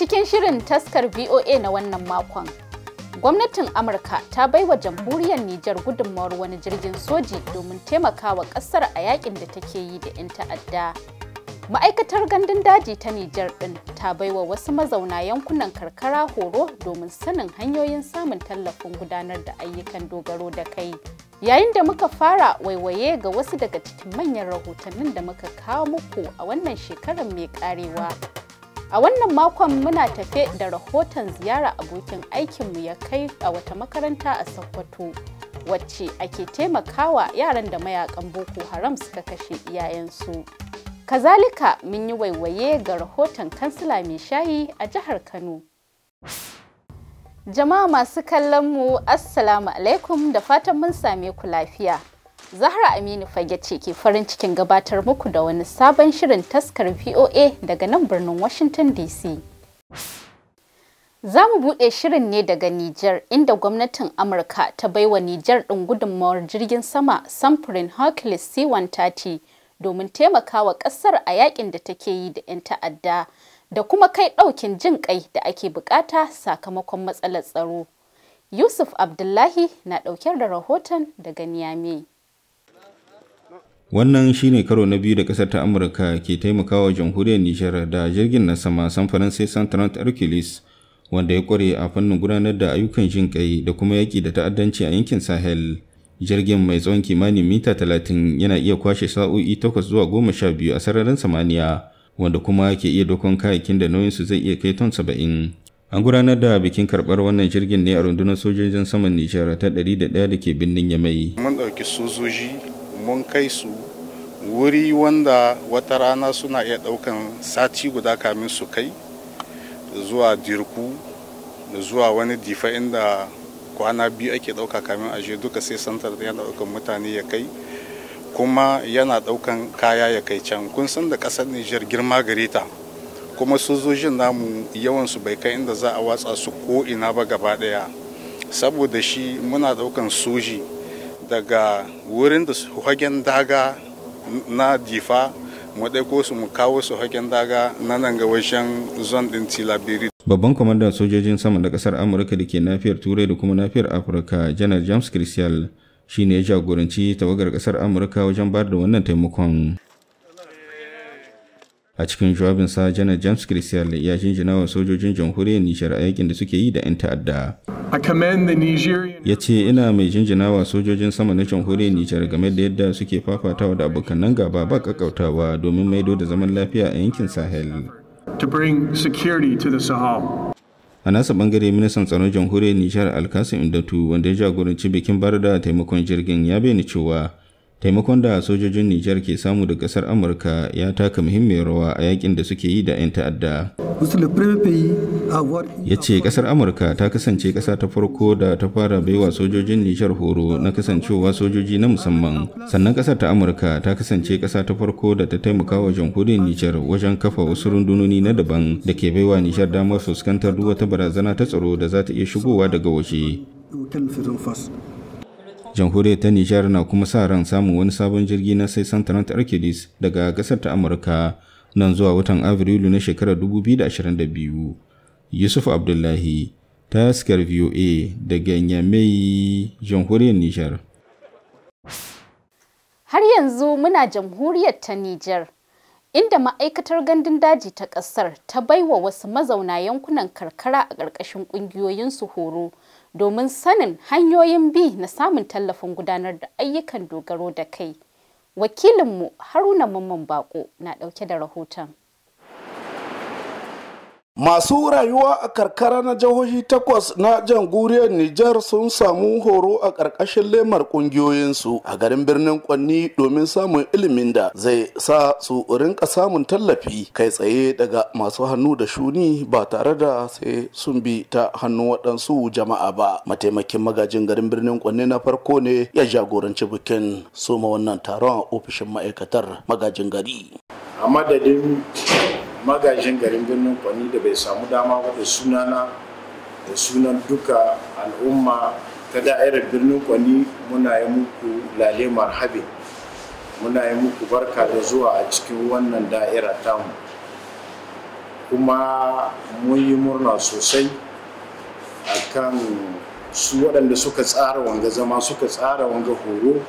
cikin shirin taskar VOA na wannan makon, gwamnatin Amurka ta baiwa jamhuriyar Nijar gudunmawar wani jirgin soji domin taimakawa ƙasar a yakin da take yi da 'yan ta'adda. Ma'aikatar gandun daji ta Nijar ɗin ta baiwa wasu mazauna yankunan karkara horo domin sanin hanyoyin samun tallafin gudanar da ayyukan dogaro da kai. Yayin da muka fara waiwaye ga wasu daga cikin manyan rahotannin da muka kawo muku a wannan shekarar mai karewa. A wannan makon muna tafe da rahoton ziyara abokin aikinmu ya kai a wata makaranta a Sokoto wacce ake taimakawa yaran da mayakan Boko Haram suka kashe iyayensu. Kazalika mun yi waiwaye ga rahoton kansila mai shayi a jihar Kano. Jama'a masu kallon mu Assalamu alaikum da fatan mun same ku lafiya. Zahra Aminu Fage ce ke farin cikin gabatar muku da wani sabon shirin taskar VOA daga nan birnin Washington DC. Za mu buɗe shirin ne daga Nijar inda gwamnatin Amurka ta baiwa Nijar ɗin gudunmawar jirgin sama samfurin Hercules C-130 domin taimakawa ƙasar a yakin da take yi da 'yan ta'adda da kuma kai ɗaukin jin ƙai da ake buƙata sakamakon matsalar tsaro. Yusuf Abdullahi na ɗauke da rahoton daga Niamey. wannan shi ne karo na biyu da kasar ta amurka ke taimakawa jamhuriyar nijar da jirgin na sama samfarin sai santaran hercules wanda ya kware a fannin gudanar da ayyukan jin kai da kuma yaƙi da ta'addanci a yankin sahel jirgin mai tsawon kimanin mita 30 yana iya kwashe sa'o'i takwas zuwa goma sha biyu a sararin samaniya wanda kuma ke iya dokon kayakin da su zai iya kai ton saba'in an gudanar da bikin karɓar wannan jirgin ne a rundunar sojojin saman nijar ta 101 da ke birnin yamai mun ɗauki sojoji mun kai su wuri wanda wata rana suna iya ɗaukan sati guda kamin su kai zuwa dirku zuwa wani difa inda kwana biyu ake ɗauka kamin aje duka sai santar yana ɗaukan mutane ya kai kuma yana ɗaukan kaya ya kai can kun san da ƙasar nijar girma gare ta kuma sojojin namu yawansu bai kai inda za a watsa su ko ina ba gaba ɗaya saboda shi muna ɗaukan soji daga wurin da su hagen daga na jifa mu ɗauko su mu kawo su hagen daga na nan ga wajen zon ɗin tilabiri. Babban kwamandan sojojin sama na kasar Amurka da ke nafiyar Turai da kuma nafiyar Afirka janar James Christian shine ya jagoranci tawagar kasar Amurka wajen bayar da wannan taimakon. a cikin jawabin sa janar james christian ya jinjina wa sojojin jamhuriyar nijar a yakin da suke yi da 'yan ta'adda ya ce ina mai jinjina wa sojojin sama na jamhuriyar nijar game da yadda suke fafatawa da abokanan gaba ba kakautawa domin maido da zaman lafiya a yankin sahel a nasa bangare ministan tsaron jamhuriyar nijar alkasim indatu wanda ya jagoranci bikin barda taimakon jirgin ya bayyana cewa taimakon da sojojin Nijar ke samu da kasar Amurka ya taka muhimmiyar rawa a yakin da suke yi da 'yan ta'adda. Ya ce kasar Amurka ta kasance kasa ta farko da ta fara baiwa sojojin Nijar horo na kasancewa sojoji na musamman. Sannan kasar ta Amurka ta kasance kasa ta farko da ta taimaka wa jamhuriyar Nijar wajen kafa wasu rundunoni na daban da ke baiwa Nijar damar fuskantar duk wata barazana ta tsaro da za ta iya shigowa daga waje. jamhuriyar ta nijar na kuma sa ran samun wani sabon jirgi na sai santarant arkidis daga kasar ta amurka nan zuwa watan afrilu na shekarar 2022 yusuf abdullahi ta taskar voa daga nyamai jamhuriyar nijar har yanzu muna jamhuriyar ta nijar inda ma'aikatar gandun daji ta ƙasar ta baiwa wasu mazauna yankunan karkara a ƙarƙashin ƙungiyoyin su horo domin sanin hanyoyin bi na samun tallafin gudanar da ayyukan dogaro da kai. Wakilinmu Haruna Mamman Bako na ɗauke da rahoton. masu rayuwa a karkara na jihohi takwas na jamhuriyar Nijar sun samu horo a ƙarƙashin lemar ƙungiyoyinsu a garin birnin Kwanni domin samun ilimin da zai sa su rinka samun tallafi kai tsaye daga masu hannu da shuni ba tare da sai sun bi ta hannu waɗansu jama'a ba. Mataimakin magajin garin birnin Kwanni na farko ne ya jagoranci bikin soma wannan taron a ofishin ma'aikatar magajin gari. A madadin magajin garin birnin kwani da bai samu dama ba da sunana da sunan duka al'umma ta da'irar birnin kwani muna yi muku lale marhabin muna yi muku barka da zuwa a cikin wannan da'ira tamu kuma mun yi murna sosai akan su waɗanda suka tsara wanga zama suka tsara wanga horo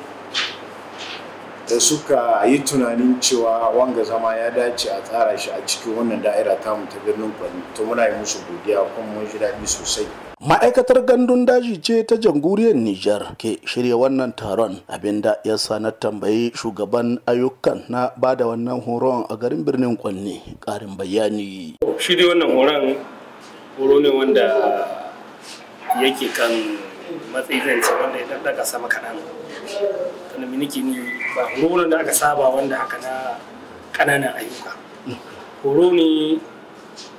da suka yi tunanin cewa wanga zama ya dace a tsara shi a cikin wannan da'ira mu ta birnin kwani to muna yi musu godiya kuma mun ji daɗi sosai ma'aikatar gandun daji ce ta jamhuriyar Nijar ke shirya wannan taron abinda ya sa na tambayi shugaban ayyukan na bada wannan horon a garin birnin kwanne karin bayani shi wannan horon horo ne wanda yake kan matsayi zan ce wanda ya daga sama kaɗan tana miniki ni ba horo da aka saba wanda haka na ƙananan ayyuka horo ne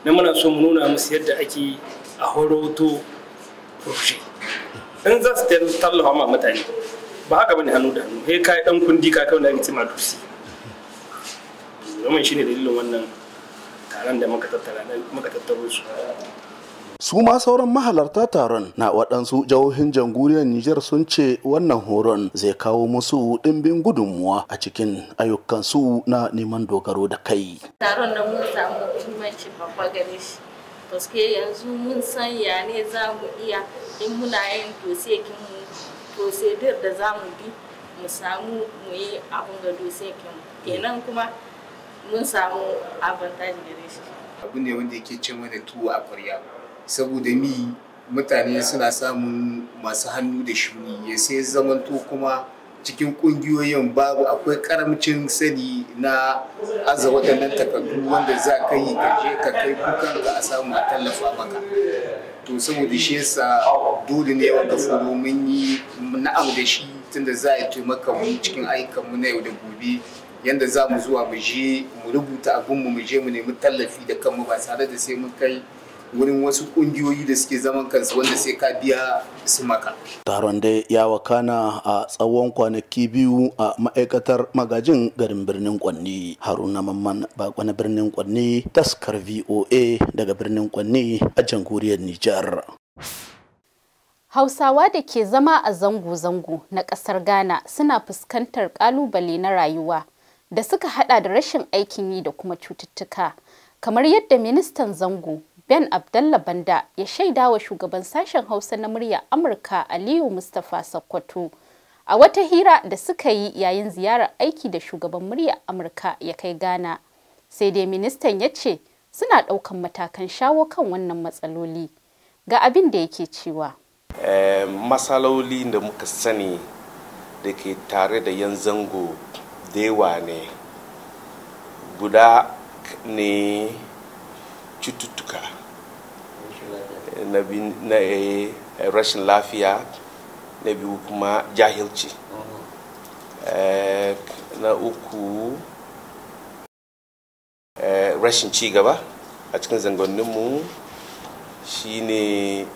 na muna so mu nuna musu yadda ake a horoto proje in za su tallafa ma mutane ba haka bane hannu da hannu sai kai dan kundi ka kai wanda ake cewa dusi domin shine dalilin wannan taron da muka tattara muka tattaro su su ma sauran mahalarta taron na waɗansu jihohin jamhuriyar Nijar sun ce wannan horon zai kawo musu ɗimbin gudunmuwa a cikin ayyukansu na neman dogaro da kai. Taron da mun samu muhimmanci babba gare shi. Paske yanzu mun san ya ne za mu iya in muna yin dosekin mu dosedir da za mu bi mu samu mu yi abin ga dosekin kenan kuma mun samu abin gare shi. Abu ne wanda yake ce mana tuwo a kwarya. saboda mi mutane suna samun masu hannu da shuni ya sai zamanto kuma cikin kungiyoyin babu akwai karamcin sani na aza waɗannan takardu wanda za ka yi karshe ka kai kukan ka a samu a tallafa maka to saboda shi yasa dole ne wanda furo mun yi na'am da shi tunda za a taimaka mu cikin ayyukan mu na yau da gobe yadda za mu zuwa mu je mu rubuta abin mu mu je mu nemi tallafi da kanmu ba tare da sai mun kai wurin wasu kungiyoyi da suke zaman kansu wanda sai ka biya su maka. Taron dai ya wakana a tsawon kwanaki biyu a ma'aikatar magajin garin birnin Kwanni. Haruna Mamman bakon birnin Kwanni taskar VOA daga birnin Kwanni a jamhuriyar Nijar. Hausawa da ke zama a zango-zango na ƙasar Ghana suna fuskantar ƙalubale na rayuwa da suka hada da rashin aikin yi da kuma cututtuka. Kamar yadda ministan zango Ben Abdalla Banda ya shaida wa shugaban sashen Hausa na murya Amurka Aliyu Mustapha Sokoto a wata hira da suka yi yayin ziyarar aiki da shugaban murya Amurka ya kai Ghana. Sai dai ministan ya ce suna ɗaukan matakan shawo kan wannan matsaloli. Ga abin da yake cewa. Eh, matsaloli da muka sani da ke tare da yan zango da ne. Guda ne cututtuka. na rashin lafiya na biyu kuma jahilci eh, na uku eh, rashin cigaba a cikin zangonninmu ne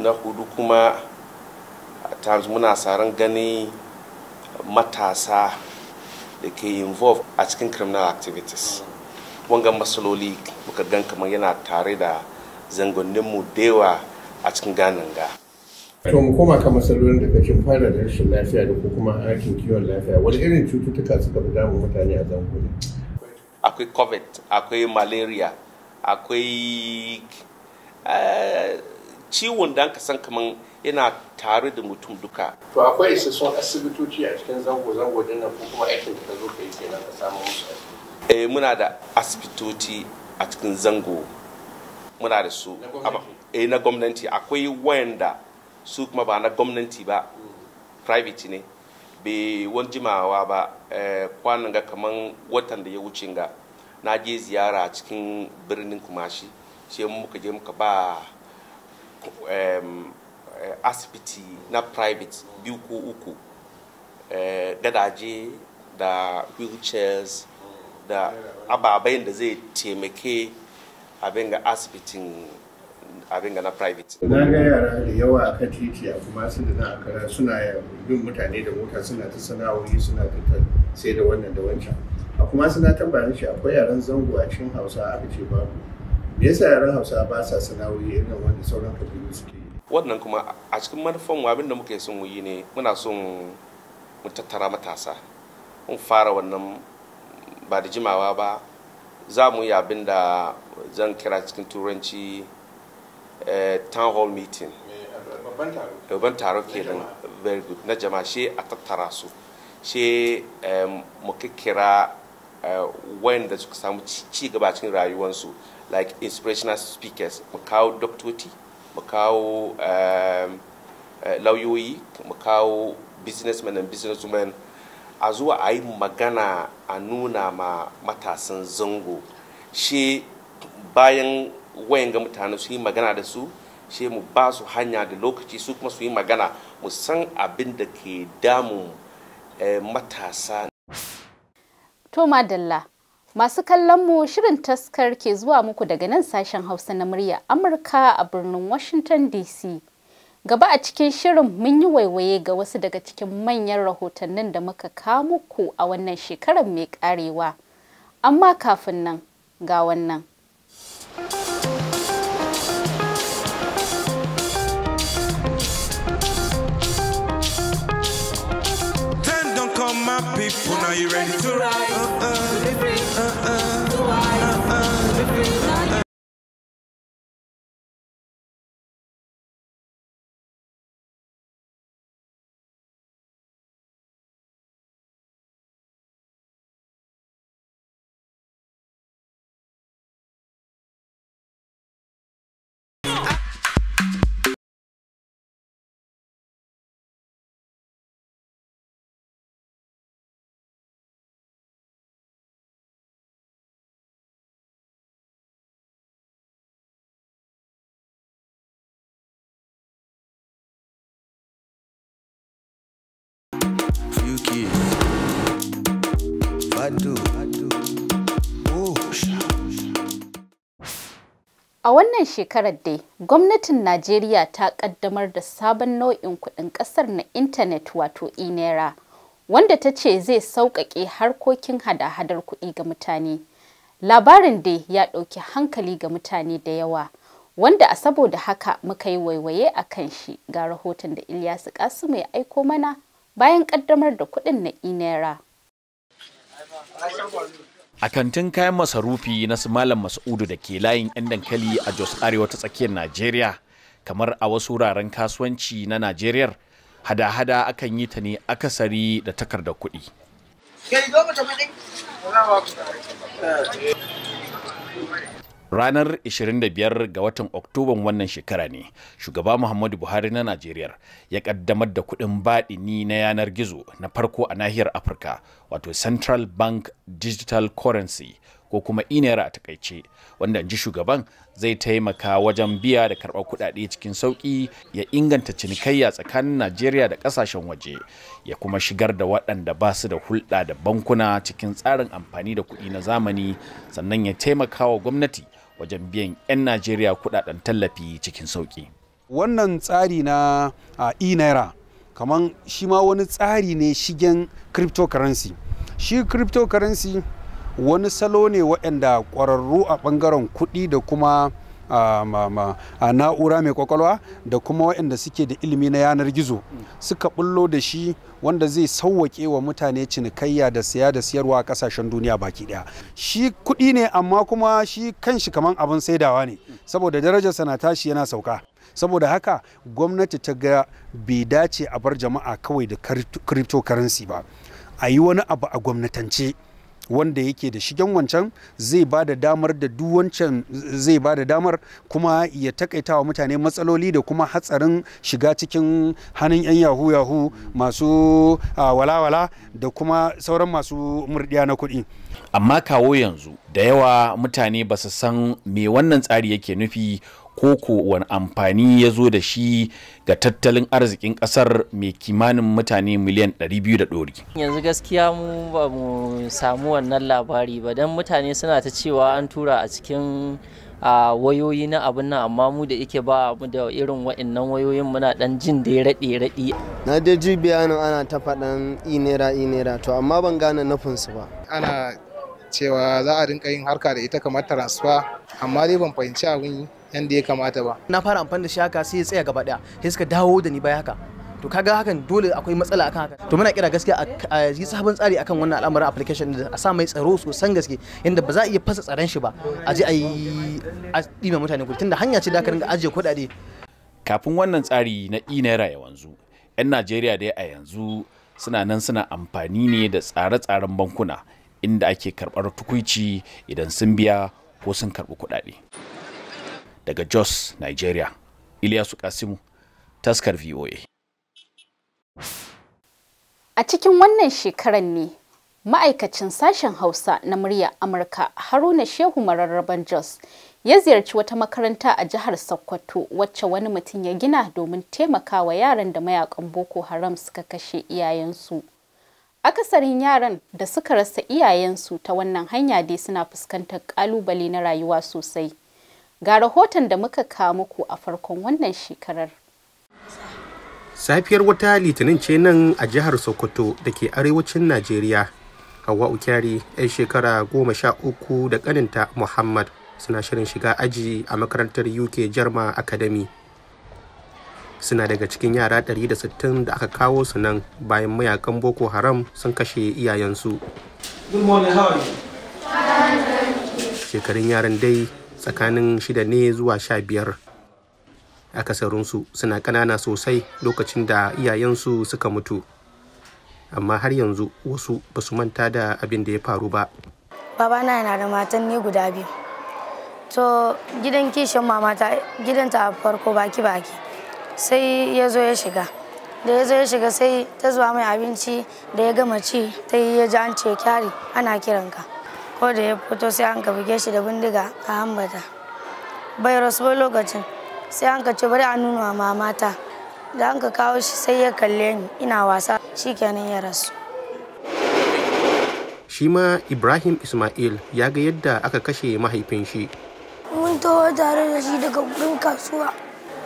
na hudu kuma times muna saran gani matasa da ke involve a cikin criminal activities wangan matsaloli muka gan kamar yana tare da zangoninmu da yawa a cikin ganin ga. to mu koma kan matsalolin da kake fara da rashin lafiya da kuma aikin kiwon lafiya wani irin cututtuka suka fi damun mutane a zango akwai covid akwai malaria akwai eh, ciwon da ka san kamar yana tare da mutum duka to akwai isassun asibitoci a cikin zango zango dinnan ko kuma aikin da ka zo ka yi kenan ka samu musu asibiti eh muna da asibitoci a cikin zango muna da su eh na gwamnati akwai wayanda su kuma ba na gwamnati ba private ne bai wani jimawa ba eh, kwanan ga kaman watan da ya wuce ga na je ziyara cikin birnin kumashi sai muka je muka ba eh, asibiti na private biyu ko uku eh, gadaje da wheelchairs da ababen da zai taimake abin ga asibitin abin ga na private. Na ga yara da yawa a kan titi a kuma su da na akara suna bin mutane da mota suna ta sana'o'i suna ta sai da wannan da wancan. A kuma suna tambayin shi akwai yaran zango a cikin Hausa aka ce babu. Me yasa yaran Hausa ba sa sana'o'i irin wanda sauran kabilu suke yi? Wannan kuma a cikin manufan abin da muke son mu yi ne muna son mu tattara matasa. Mun fara wannan ba da jimawa ba za mu yi abin da zan kira cikin turanci eh, town hall meeting babban taro kenan very good na jama'a shi a tattara su shi eh, mu kira eh, wanda suka samu ci gaba cikin rayuwarsu like inspirational speakers mu kawo doktoti mu kawo lauyoyi mu kawo businessmen and businesswomen a zuwa a yi magana a nuna ma matasan zango shi bayan wayan ga mutane su yi magana da su shi mu ba su hanya da lokaci su kuma su yi magana mu san abin da ke damu eh, matasa to madalla masu kallon mu shirin taskar ke zuwa muku daga nan sashen hausa na murya amurka a birnin washington dc Gaba a cikin shirin mun yi waiwaye ga wasu daga cikin manyan rahotannin da muka kamo ku a wannan shekarar mai karewa. Amma kafin nan ga wannan. People, now you ready to ride? Uh-uh, uh-uh, uh-uh. A wannan shekarar dai, gwamnatin Najeriya ta kaddamar da sabon nau'in kuɗin ƙasar na intanet wato inera wanda ta ce zai sauƙaƙe harkokin hada-hadar kuɗi ga mutane. Labarin dai ya ɗauki hankali ga mutane da yawa, wanda a saboda haka muka yi waiwaye a kan shi ga rahoton da Ilyasu Kasu ya aiko mana bayan kaddamar da kudin na inera. A kantin kayan masarufi na Malam Mas'udu da ke layin 'yan dankali a Jos Arewa ta tsakiyar Najeriya, kamar a wasu wuraren kasuwanci na Najeriya, hada-hada akan yi ta ne akasari da takardar kuɗi. ranar 25 ga watan oktoban wannan shekara ne shugaba muhammadu buhari na najeriya ya kaddamar da kudin baɗini na yanar gizo na farko a nahiyar afirka wato central bank digital currency ko kuma inera a takaice wanda ji shugaban zai taimaka wajen biya da karɓar kudade cikin sauƙi ya inganta cinikayya tsakanin najeriya da ƙasashen waje ya kuma shigar da waɗanda ba su da hulɗa da bankuna cikin tsarin amfani da kuɗi na zamani sannan ya taimaka wa gwamnati wajen biyan 'yan najeriya kudaden tallafi cikin sauki wannan tsari na e naira kamar shi ma wani tsari ne shigen cryptocurrency shi cryptocurrency wani salo ne waɗanda ƙwararru a ɓangaren kuɗi da kuma A na'ura mai kwakwalwa da kuma waɗanda suke da ilimi na yanar gizo suka bullo da shi wanda zai sauwaƙe wa mutane cinikayya da siya da siyarwa a ƙasashen duniya baki ɗaya shi kuɗi ne amma kuma shi kanshi kaman abin saidawa ne saboda darajar na tashi yana sauka saboda haka gwamnati ta ga bai dace a bar jama'a kawai da cryptocurrency ba a yi wani abu a gwamnatance wanda yake da shigen wancan zai ba da damar da duk wancan zai ba da damar kuma ya takaita wa mutane matsaloli da kuma hatsarin shiga cikin hannun 'yan yahu yahu masu walawala da kuma sauran masu murdiya na kuɗi amma kawo yanzu da yawa mutane ba su san me wannan tsari yake nufi koko wani amfani ya zo da shi ga tattalin arzikin kasar mai kimanin mutane miliyan 200 da ɗori. yanzu gaskiya mu ba mu samu wannan labari ba don mutane suna ta cewa an tura a cikin a wayoyi na abin nan amma mu da yake ba mu da irin wa'annan wayoyin muna dan jin da ya raɗe na je ji bayanin ana ta faɗan inera inera to amma ban gane nufinsu ba. ana cewa za a rinka yin harka da ita kamar transfer amma dai ban fahimci abin yanda ya kamata ba na fara amfani da shi haka sai ya tsaya gaba daya sai suka dawo da ni baya haka to kaga hakan dole akwai matsala akan haka to muna kira gaskiya a yi sabon tsari akan wannan al'amarin application da a sa mai tsaro sosan gaske yanda ba za a iya fasa tsaron shi ba a je a yi a dime mutane kuɗi tunda hanya ce da aka ringa ajiye kuɗaɗe kafin wannan tsari na i naira ya wanzu 'yan najeriya dai a yanzu suna nan suna amfani ne da tsare-tsaren bankuna inda ake karɓar tukuici idan sun biya ko sun karɓi kuɗaɗe. daga Jos, Nigeria. Ilyasu Kasimu, taskar VOA. A cikin wannan shekaran ne ma'aikacin sashen Hausa na murya Amurka Haruna Shehu Mararraban Jos ya ziyarci wata makaranta a jihar Sokoto wacce wani mutum ya gina domin taimakawa yaran da mayakan Boko Haram suka kashe iyayensu. Akasarin yaran da suka rasa iyayensu ta wannan hanya dai suna fuskantar kalubale na rayuwa sosai. Ga rahoton da muka kawo muku a farkon wannan shekarar. Safiyar wata litinin ce nan a jihar Sokoto da ke arewacin Najeriya. Hawa Ukyari 'yan shekara goma sha uku da kaninta Muhammad suna shirin shiga aji a makarantar UK Jarma Academy. Suna daga cikin yara 160 da aka kawo su nan bayan mayakan Boko Haram sun kashe iyayensu. Shekarun yaran dai tsakanin shida ne zuwa sha biyar akasarinsu suna ƙanana sosai lokacin da iyayensu suka mutu amma har yanzu wasu ba su manta da abin da ya faru ba babana yana da matan ne guda biyu to gidan kishin mamata gidanta a farko baki baki sai ya zo ya shiga da ya zo ya shiga sai ta zuwa mai abinci da ya gama ci ta yi ya ji an ce kyari ana kiranka ko da ya fito sai an ka buge shi da bindiga a hambata bai rasu ba lokacin sai an ka ce bari a nuna wa mamata da an ka kawo shi sai ya kalle ni ina wasa kenan ya rasu shi ma ibrahim ismail ya ga yadda aka kashe mahaifin shi mun taho tare da shi daga gurin kasuwa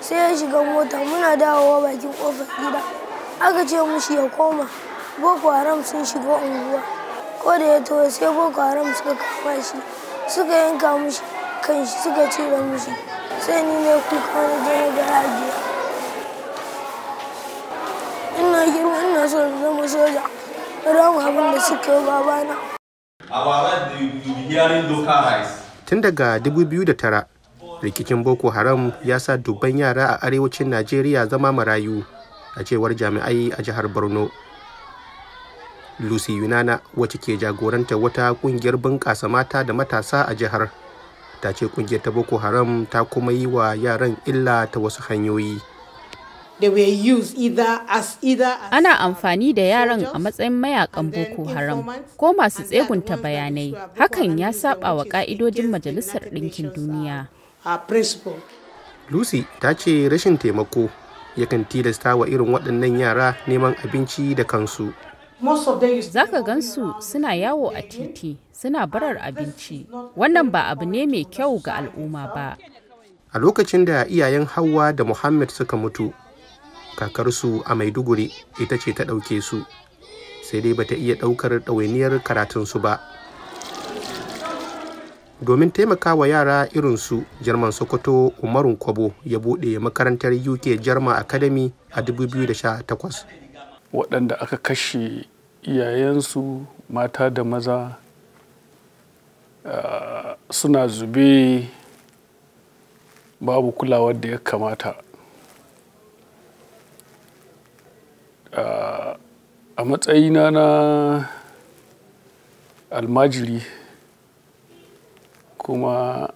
sai ya shiga mota muna dawowa bakin kofar gida aka ce mushi ya koma boko haram sun shiga unguwa ko da ya taho sai boko haram suka kama shi suka yanka mushi kan shi suka cire mushi sai ni ne kuka na jana da hajiya ina girma ina so na zama soja na damu abin da suka yi babana. Tun daga 2009 rikicin boko haram ya sa dubban yara a arewacin najeriya zama marayu a cewar jami'ai a jihar borno lucy yunana wacce ke jagoranta wata kungiyar bunƙasa mata da matasa a jihar ta ce kungiyar ta boko haram ta kuma yi wa yaran illa ta wasu hanyoyi Ana amfani da yaran a matsayin mayakan Boko Haram ko masu tsegunta bayanai, hakan ya saba wa ka'idojin Majalisar Ɗinkin Duniya. Uh, lucy ta ce rashin taimako yakan tilasta wa irin waɗannan yara neman abinci da kansu. Za ka gansu suna yawo a titi suna barar abinci. Wannan ba abu ne mai kyau ga al'umma ba. A lokacin da iyayen Hauwa da Muhammad suka mutu, kakarsu a Maiduguri ita ce ta ɗauke su, sai dai bata iya ɗaukar ɗawainiyar karatunsu ba. Domin taimakawa yara irinsu, Jerman Sokoto Umarun Kwabo ya buɗe makarantar UK Jarma Academy a 2018. Waɗanda aka kashe iyayensu mata da maza ah, suna zube babu kulawar da ya kamata ah, a matsayina na almajiri kuma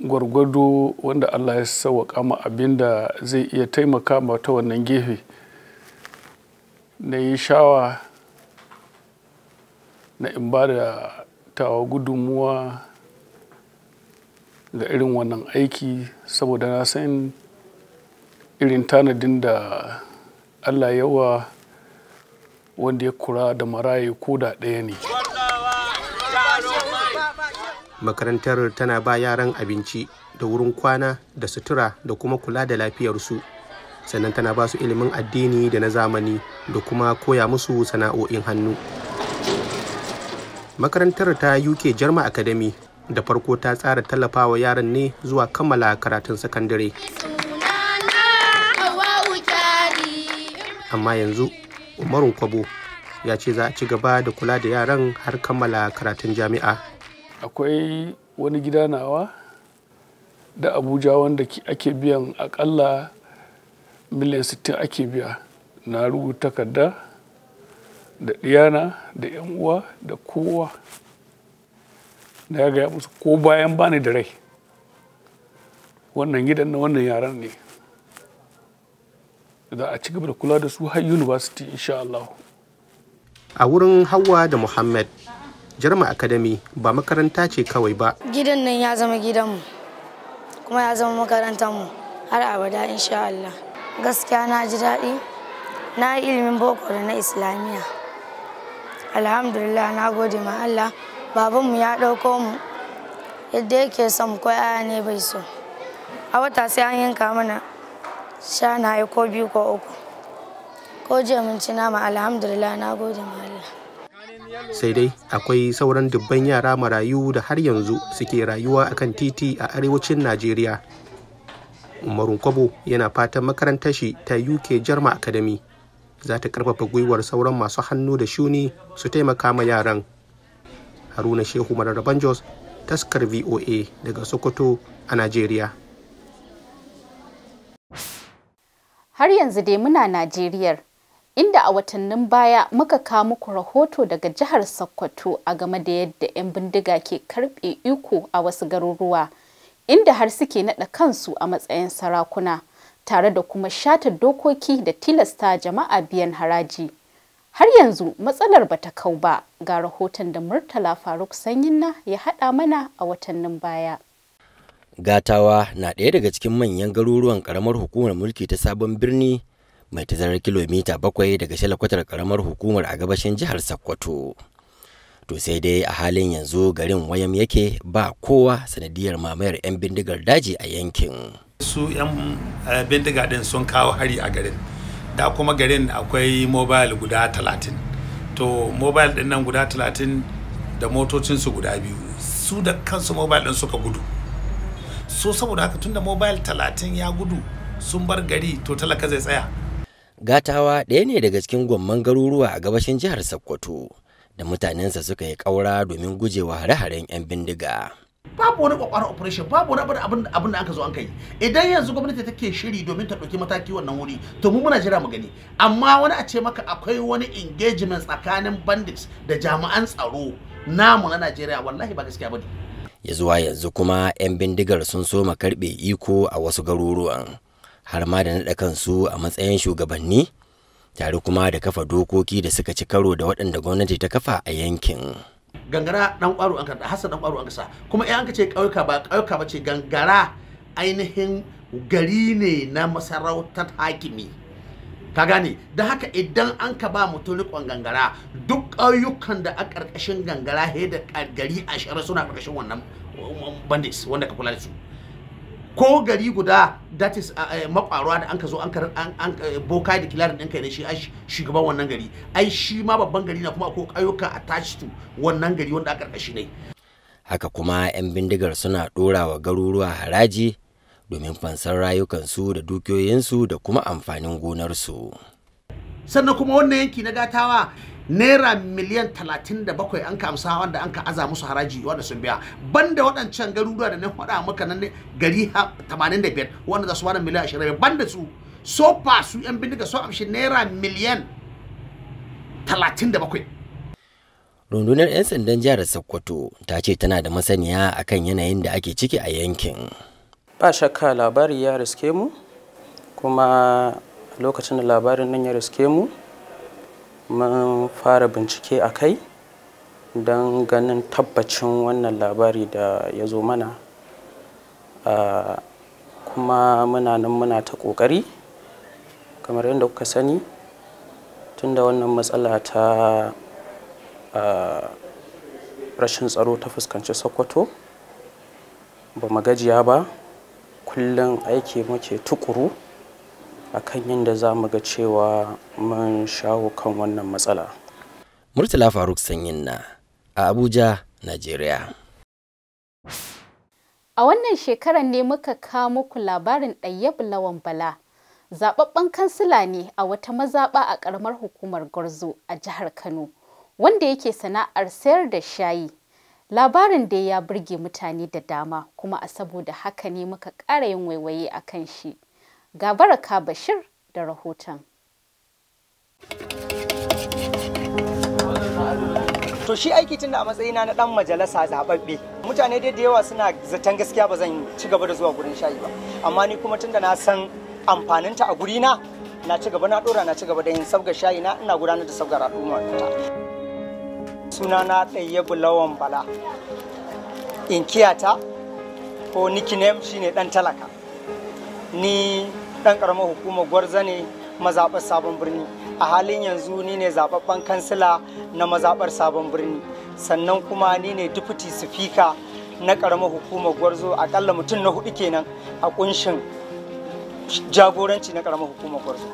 gwargwado wanda allah ya sauwaƙa ma abin da zai iya taimaka ma ta wannan gefe na yi shawa na in ba da tawa gudunmuwa ga irin wannan aiki saboda na san irin tanadin da allah yawa wanda ya kura da maraye ko da ɗaya ne makarantar tana ba yaran abinci da wurin kwana da sutura da kuma kula da lafiyarsu sannan tana ba su ilimin addini da na zamani da kuma koya musu sana'o'in hannu makarantar ta uk german academy da farko ta tsara tallafawa yaran ne zuwa kammala karatun sakandare amma yanzu umaru kwabo ya ce za a ci gaba da kula da yaran har kammala karatun jami'a akwai wani gida nawa da abuja wanda ake biyan akalla miliyan 60 ake biya na rubuta takarda da ɗiyana da yan uwa da kowa da ya gaya musu ko bayan bani da rai wannan gidan na wannan yaran ne za a ci gaba da kula da su har university insha Allah a wurin Hauwa da Muhammad Jarma Academy ba makaranta ce kawai ba gidan nan ya zama gidanmu kuma ya zama makarantar mu har abada insha Allah gaskiya na ji daɗi na ilimin boko da na islamiyya alhamdulillah na gode ma Allah babanmu ya ɗauko mu yadda yake son ko yaya ne bai so a wata sai an yanka mana sha na yi ko biyu ko uku ko jiya mun ci nama alhamdulillah na gode ma Allah sai dai akwai sauran dubban yara marayu da har yanzu suke rayuwa akan titi a arewacin Najeriya Umarun Kwabo yana fatan makarantar shi ta UK Jarma Academy za ta karfafa gwiwar sauran masu hannu da shuni su taimaka ma yaran haruna shehu mararraban jos taskar voa daga sokoto a najeriya har yanzu dai muna najeriyar inda a watannin baya muka kawo muku rahoto daga jihar sokoto a game da yadda 'yan bindiga ke karbe iko a wasu garuruwa inda har suke naɗa kansu a matsayin sarakuna tare da kuma shata dokoki da tilasta jama'a biyan haraji. Har yanzu matsalar bata kau ba ga rahoton da Murtala Faruk Sanyinna ya haɗa mana a watannin baya. Gatawa na ɗaya daga cikin manyan garuruwan ƙaramar hukumar mulki ta sabon birni mai tazarar kilomita bakwai daga shalakwatar ƙaramar hukumar a gabashin jihar Sokoto. To sai dai a halin yanzu garin wayam yake ba kowa sanadiyar mamayar 'yan bindigar daji a yankin. su 'yan eh, bindiga din sun kawo hari a garin da kuma garin akwai mobile guda 30 to mobile din nan guda 30 da motocinsu guda biyu su da kansu mobile din suka gudu so saboda haka tunda mobile 30 ya gudu sun bar gari to talaka zai tsaya gatawa ɗaya ne daga cikin gwamman garuruwa a gabashin jihar sokoto da mutanensa suka yi ƙaura domin gujewa hare-haren 'yan bindiga babu wani kwakwaran operation babu wani abin da aka zo an kai idan yanzu gwamnati take shiri domin ta ɗauki mataki wannan wuri to mu muna jira mu gani amma wani a ce maka akwai wani engagement tsakanin bandits da jami'an tsaro namu na najeriya wallahi ba gaskiya bane ya zuwa yanzu kuma 'yan bindigar sun soma karɓe iko a wasu garuruwan har ma da naɗa kansu a matsayin shugabanni tare kuma da kafa dokoki da suka ci karo da waɗanda gwamnati ta kafa a yankin gangara dan kwaro an karda hasa dan kwaro an kasa kuma eh an ka ce ba kauyuka ba ce gangara ainihin gari ne na masarautar hakimi ka gane da haka idan an ka ba mutum rikon gangara duk ƙauyukan da a ƙarƙashin gangara he da gari ashirin suna ƙarƙashin wannan bandits wanda ka kula da su ko gari guda that is makwarwa da an ka zo an an eh, boka da kilarin ɗinka ne shi shugaban wannan gari ai shi ma babban gari na kuma ko ayyuka a to wannan gari wanda a karkashi ne haka kuma 'yan bindigar suna ɗora wa garuruwa haraji domin fansar rayukansu da dukiyoyinsu da kuma amfanin gonar su sannan kuma wannan yanki na gatawa naira miliyan 37 an ka amsa wanda an ka aza musu haraji wanda sun biya banda waɗancan garuruwa da na faɗa maka nan gari 85 wanda za su bada miliyan 25 banda su so fa su yan bindiga so amshi naira miliyan 37 rundunar 'yan sandan jihar sokoto ta ce tana da masaniya akan yanayin da ake ciki a yankin ba shakka labari ya riske mu kuma lokacin da labarin nan ya riske mu mun fara bincike a kai don ganin tabbacin wannan labari da ya zo mana ah, kuma muna nan muna ta ƙoƙari kamar yadda kuka sani tunda wannan matsala ta ah, rashin tsaro ta fuskanci sokoto ba magajiya ba kullum aiki muke tukuru akan yadda za mu ga cewa mun shawo kan wannan matsala. Murtala Faruk Sanyin na a Abuja, Najeriya. A wannan shekarar ne muka kawo muku labarin ɗayyabu lawan bala. zaɓaɓɓen kansila ne a wata mazaɓa a ƙaramar hukumar Gwarzo a jihar Kano, wanda yake sana'ar sayar da shayi. Labarin da ya burge mutane da dama kuma a saboda haka ne muka ƙara yin waiwaye a kan shi. Ga Baraka Bashir da rahoton. To shi aiki tunda a matsayina na dan majalisa zababbe mutane dai da yawa suna zaton gaskiya ba zan ci gaba da zuwa gurin shayi ba amma ni kuma tunda na san amfaninta a gurina na ci gaba na dora na ci gaba da yin sabgar shayi na ina gudanar da sabgar al'umma ta na ɗaya bulawan bala inkiyata ko nickname shine dan talaka ni dan karamar hukumar gwarza ne mazaɓar sabon birni a halin yanzu ni ne zaɓaɓɓen kansila na mazaɓar sabon birni sannan kuma ni ne dufiti sifika na karamar hukumar gwarzo akalla mutum na hudu kenan a ƙunshin jagoranci na karamar hukumar gwarzo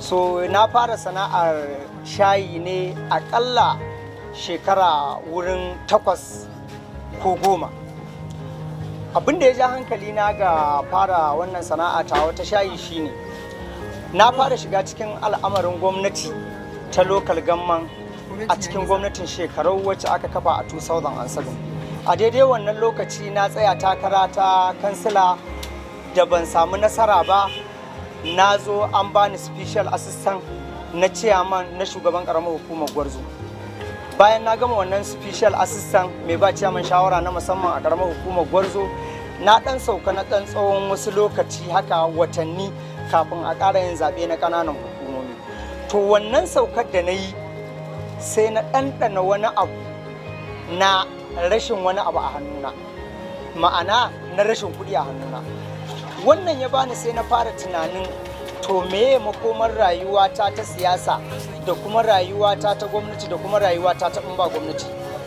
so na fara sana'ar shayi ne akalla shekara wurin takwas ko goma abin da ya ja hankali na ga fara wannan sana'a ta wata shayi shine na fara shiga cikin al'amarin gwamnati ta lokal gamman a cikin gwamnatin shekarau wacce aka kafa a 2007 a daidai wannan lokaci na tsaya takara ta kansila da ban samu nasara ba na zo an bani special assistant na chairman na shugaban karamar hukumar gwarzo bayan na gama wannan special assistant mai ba ciyaman shawara na musamman a karamar hukumar gwarzo na dan sauka na dan tsawon wasu lokaci haka watanni kafin a ƙara yin zaɓe na ƙananan hukumomi to wannan saukar da na yi sai na ɗanɗana wani abu na rashin wani abu a hannuna ma'ana na rashin kuɗi a hannuna wannan ya bani sai na fara tunanin to meye makomar rayuwata ta siyasa da kuma rayuwata ta gwamnati da kuma rayuwata ta in ba gwamnati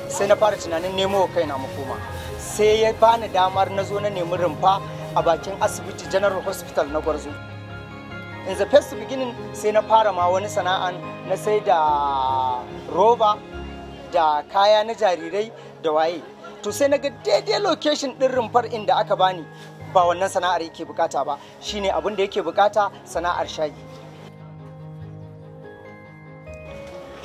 sai na fara tunanin nemo kaina makoma sai ya bani damar na zo na nemi rumfa a bakin asibiti general hospital na gwarzo in the first beginning sai na fara ma wani sana'an na sai da roba da kaya na jarirai da waye to sai na ga daidai location din rumfar inda aka bani ba wannan sana'ar yake bukata ba shine abin da yake bukata sana'ar shayi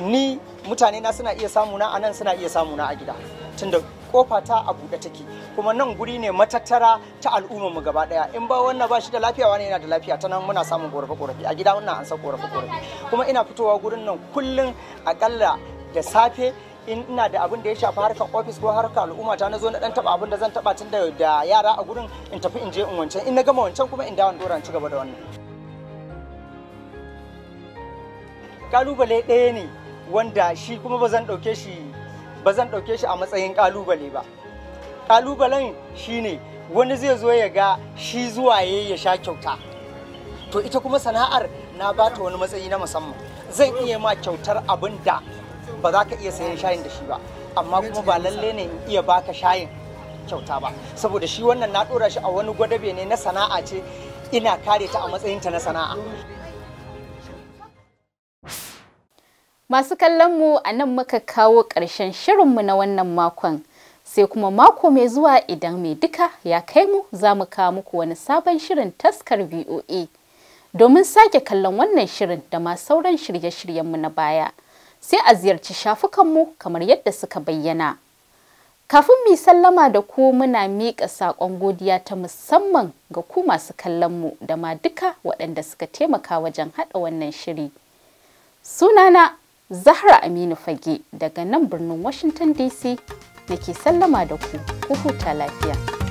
ni mutane na suna iya samuna a nan suna iya samuna a gida tunda kofa ta a buɗe take kuma nan guri ne matattara ta al'ummar mu gaba daya in ba wannan ba shi da lafiya wani yana da lafiya ta nan muna samun korafe korafe a gida wannan an san korafe korafe kuma ina fitowa gurin nan kullum akalla da safe in ina da abin da ya shafi harkar ofis ko harkar al'umma ta nazo na dan taba abin da zan taba tun da yara a gurin in tafi in je in wancan in na gama wancan kuma in dawo dora ci gaba da wannan kalubale ɗaya ne wanda shi kuma ba zan ɗauke shi ba zan shi a matsayin kalubale ba kalubalen ne wani zai zo ya ga shi zuwa ya sha kyauta to ita kuma sana'ar na bata wani matsayi na musamman zan iya ma kyautar abin da ba za ka iya sayan shayin da shi ba amma kuma ba lalle ne in iya baka shayin kyauta ba saboda shi wannan na dora shi a wani gwadabe ne na sana'a ce ina kare ta a matsayin ta na sana'a masu kallon mu a nan muka kawo ƙarshen mu na wannan makon sai kuma mako mai zuwa idan mai duka ya kai mu za mu kawo muku wani sabon shirin taskar voa domin sake kallon wannan shirin da ma sauran shirye-shiryenmu na baya sai a ziyarci shafukanmu kamar yadda suka bayyana. Kafin mu sallama da ku muna miƙa saƙon godiya ta musamman ga ku masu kallonmu da ma duka waɗanda suka taimaka wajen haɗa wannan shiri. Sunana Zahra Aminu Fage daga nan birnin Washington DC nake sallama da ku, ku huta lafiya.